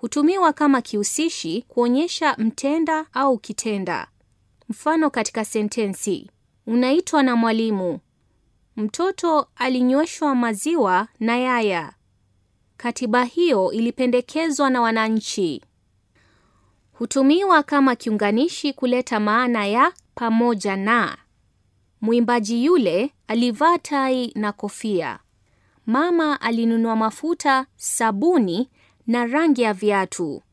Hutumiwa kama kihusishi kuonyesha mtenda au kitenda. Mfano katika sentensi: unaitwa na mwalimu. Mtoto alinyweshwa maziwa na yaya. Katiba hiyo ilipendekezwa na wananchi. Hutumiwa kama kiunganishi kuleta maana ya pamoja na. Mwimbaji yule alivaa tai na kofia. Mama alinunua mafuta, sabuni na rangi ya viatu.